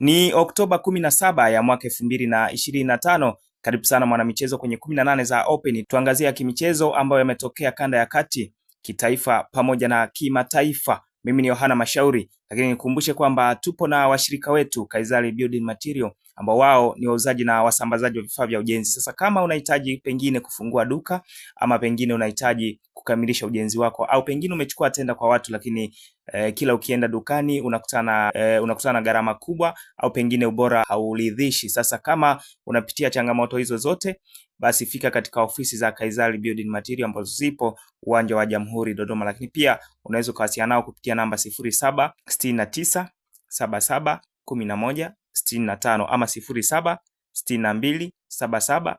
Ni Oktoba 17 ya mwaka 2025. Karibu sana mwanamichezo kwenye 18 za Open, tuangazia kimichezo ambayo yametokea kanda ya kati, kitaifa pamoja na kimataifa. Mimi ni Yohana Mashauri, lakini nikumbushe kwamba tupo na washirika wetu Kaizali Building Material ambao wao ni wauzaji na wasambazaji wa vifaa vya ujenzi. Sasa kama unahitaji pengine kufungua duka ama pengine unahitaji kukamilisha ujenzi wako au pengine umechukua tenda kwa watu lakini eh, kila ukienda dukani unakutana eh, unakutana gharama kubwa au pengine ubora hauridhishi. Sasa kama unapitia changamoto hizo zote basi fika katika ofisi za Kaizali Building Material ambazo zipo uwanja wa Jamhuri Dodoma, lakini pia unaweza ukawasiliana nao kupitia namba 0769771165 ama 0762771159.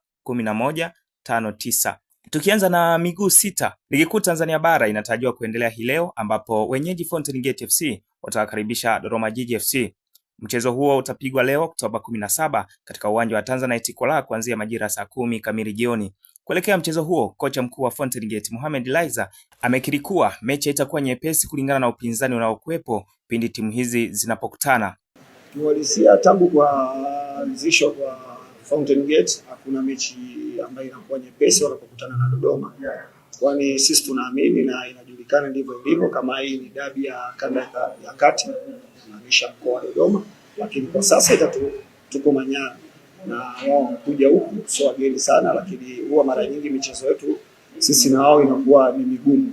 Tukianza na miguu sita, ligi kuu Tanzania bara inatarajiwa kuendelea hii leo ambapo wenyeji Fountain Gate FC watawakaribisha Dodoma Jiji FC Mchezo huo utapigwa leo Oktoba 17 katika uwanja wa Tanzanite Kola kuanzia majira saa kumi kamili jioni. Kuelekea mchezo huo, kocha mkuu wa Fountain Gate Mohamed Liza amekiri kuwa mechi itakuwa nyepesi kulingana na upinzani unaokuwepo pindi timu hizi zinapokutana. Kiuhalisia, tangu kuanzishwa kwa Fountain Gate hakuna mechi ambayo inakuwa nyepesi wanapokutana na Dodoma kwani sisi tunaamini na inajulikana ndivyo ilivyo. Kama hii ni dabi ya kanda ya kati, maanisha mkoa wa Dodoma, lakini kwa sasa itatu tuko Manyara na wao wamekuja huku, sio wageni sana, lakini huwa mara nyingi michezo yetu sisi na wao inakuwa ni migumu,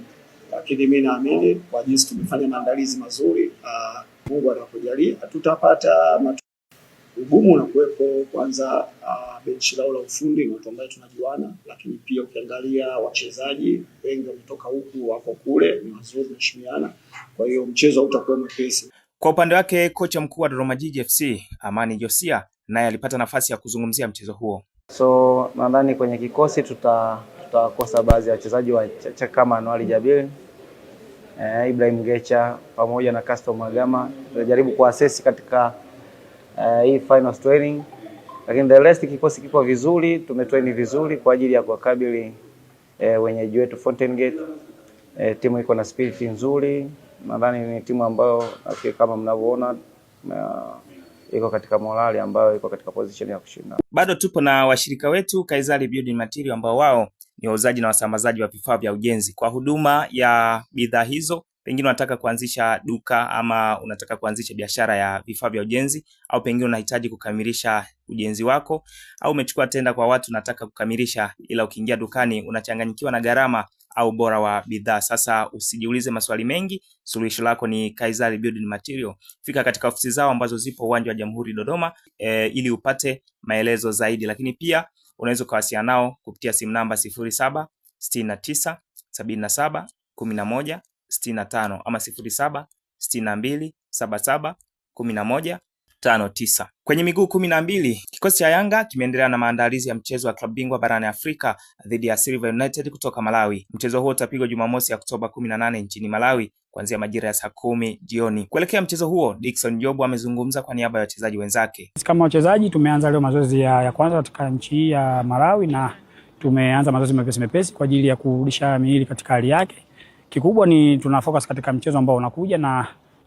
lakini mi naamini kwa jinsi tumefanya maandalizi mazuri, ah, Mungu atakujalia tutapata ugumu unakuwepo kwanza, uh, benchi lao la ufundi ni watu ambao tunajuana, lakini pia ukiangalia wachezaji wengi wametoka huku wako kule, ni wazuri, naheshimiana, kwa hiyo mchezo hautakuwa mwepesi. Kwa upande wake kocha mkuu wa Dodoma Jiji FC Amani Josia naye alipata nafasi ya kuzungumzia mchezo huo. So nadhani kwenye kikosi tuta tutakosa baadhi ya wachezaji wachache kama Anwali Jabir eh, Ibrahim Gecha pamoja na Castro Magama, tutajaribu kuasesi katika uh, hii finals training, lakini the rest kikosi kiko vizuri, tumetrain vizuri kwa ajili ya kuwakabili uh, wenyeji wetu Fountain Gate. Uh, timu iko na spirit nzuri, nadhani ni timu ambayo kama mnavyoona uh, iko katika morali ambayo iko katika position ya kushinda. Bado tupo na washirika wetu Kaizali Building Material ambao wao ni wauzaji na wasambazaji wa vifaa vya ujenzi kwa huduma ya bidhaa hizo pengine unataka kuanzisha duka ama unataka kuanzisha biashara ya vifaa vya ujenzi, au pengine unahitaji kukamilisha ujenzi wako, au umechukua tenda kwa watu unataka kukamilisha, ila ukiingia dukani unachanganyikiwa na gharama au bora wa bidhaa. Sasa usijiulize maswali mengi, suluhisho lako ni Kaizali Building Material. Fika katika ofisi zao ambazo zipo uwanja wa Jamhuri Dodoma, e, ili upate maelezo zaidi, lakini pia unaweza ukawasiliana nao kupitia simu namba sifuri saba sitini na tisa sabini na saba kumi na moja 65 ama 0762771159. Kwenye miguu kumi na mbili, kikosi cha Yanga kimeendelea na maandalizi ya mchezo wa klabu bingwa barani Afrika dhidi ya Silver United kutoka Malawi. Mchezo huo utapigwa Jumamosi ya Oktoba 18 nchini Malawi kuanzia majira ya saa kumi jioni. Kuelekea mchezo huo, Dickson Jobu amezungumza kwa niaba ya wachezaji wenzake. Kama wachezaji tumeanza leo mazoezi ya, ya kwanza katika nchi hii ya Malawi na tumeanza mazoezi mepesi mepesi kwa ajili ya kurudisha miili katika hali yake Kikubwa ni tuna focus katika mchezo ambao unakuja na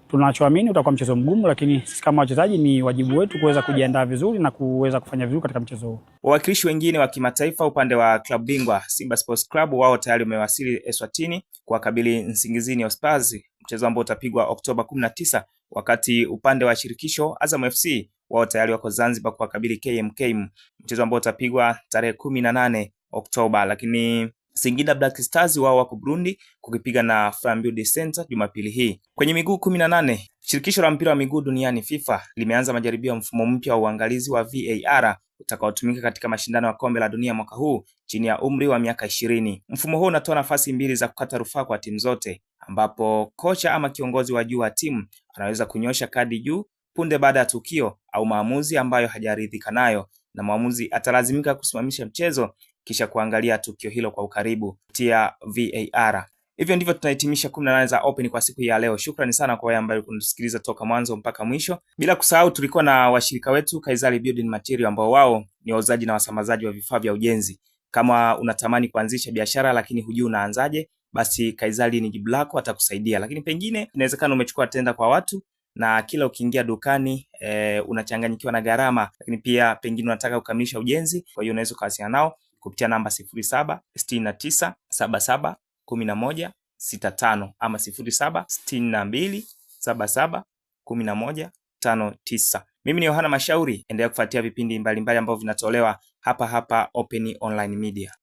tunachoamini utakuwa mchezo mgumu, lakini sisi kama wachezaji ni wajibu wetu kuweza kujiandaa vizuri na kuweza kufanya vizuri katika mchezo huu. Wawakilishi wengine wa kimataifa upande wa klabu bingwa Simba Sports Club wao tayari wamewasili Eswatini kuwakabili Nsingizini Ospazi, mchezo ambao utapigwa Oktoba 19, wakati upande wa shirikisho Azam FC wao tayari wako Zanzibar kuwakabili KMK, mchezo ambao utapigwa tarehe kumi na nane Oktoba. Lakini Singida Black Stars wao wako Burundi kukipiga na Flambeau Center Jumapili hii. Kwenye miguu kumi na nane, shirikisho la mpira wa miguu duniani FIFA limeanza majaribio ya mfumo mpya wa uangalizi wa VAR utakaotumika katika mashindano ya kombe la dunia mwaka huu chini ya umri wa miaka ishirini. Mfumo huu unatoa nafasi mbili za kukata rufaa kwa timu zote, ambapo kocha ama kiongozi wa juu wa timu anaweza kunyosha kadi juu punde baada ya tukio au maamuzi ambayo hajaridhika nayo na mwamuzi atalazimika kusimamisha mchezo kisha kuangalia tukio hilo kwa ukaribu kupitia VAR. Hivyo ndivyo tunahitimisha 18 za Open kwa siku ya leo. Shukrani sana kwa wale ambao kunasikiliza toka mwanzo mpaka mwisho, bila kusahau tulikuwa na washirika wetu Kaizali Building Material ambao wao ni wauzaji na wasambazaji wa vifaa vya ujenzi. Kama unatamani kuanzisha biashara lakini hujui unaanzaje, basi Kaizali ni jibu lako, atakusaidia. Lakini pengine inawezekana umechukua tenda kwa watu na kila ukiingia dukani e, unachanganyikiwa na gharama, lakini pia pengine unataka kukamilisha ujenzi. Kwa hiyo unaweza ukawasiliana nao kupitia namba sifuri saba sitini na tisa saba saba kumi na moja sita tano ama sifuri saba sitini na mbili saba saba kumi na moja tano tisa. Mimi ni Yohana Mashauri, endelea kufuatia vipindi mbalimbali ambavyo vinatolewa hapa hapa Open Online Media.